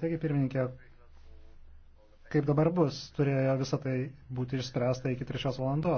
Taigi, pirmininkė, kaip dabar bus, turėjo visą tai būti išspręsta iki trečios valandos.